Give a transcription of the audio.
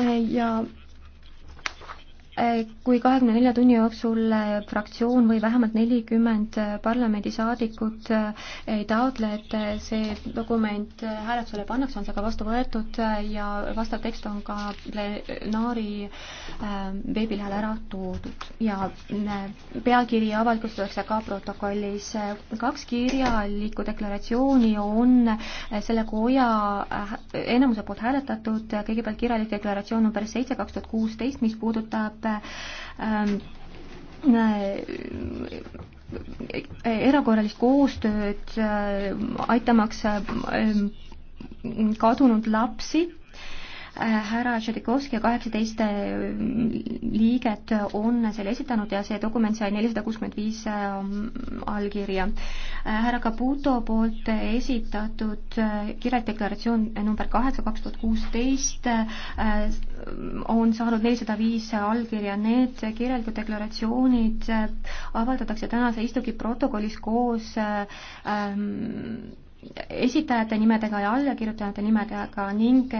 Äh, ja kui kahekümne nelja tunni jooksul eh, fraktsioon või vähemalt nelikümmend eh, parlamendisaadikut eh, ei taotle, et see dokument hääletusele pannakse, on see ka vastu võetud ja vastav tekst on ka plenaari veebilehel ära toodud ja pealkiri avalikustatakse ka protokollis. kaks kirjalikku deklaratsiooni on selle koja enamuse poolt hääletatud, kõigepealt kirjalik deklaratsioon number seitse kaks tuhat kuusteist, mis puudutab Äh, ähm, äh, erakorralist koostööd äh, aitamaks kadunud lapsi Äh, härra Tšedikovski ja kaheksateist äh, liiget on selle esitanud ja see dokument sai nelisada kuuskümmend viis äh, allkirja. härra Caputo poolt esitatud kirjalik deklaratsioon number kaheksa kaks tuhat kuusteist on saanud nelisada viis allkirja. Need kirjalikud deklaratsioonid avaldatakse tänase istungi protokollis koos ähm, esitajate nimedega ja allakirjutajate nimedega ning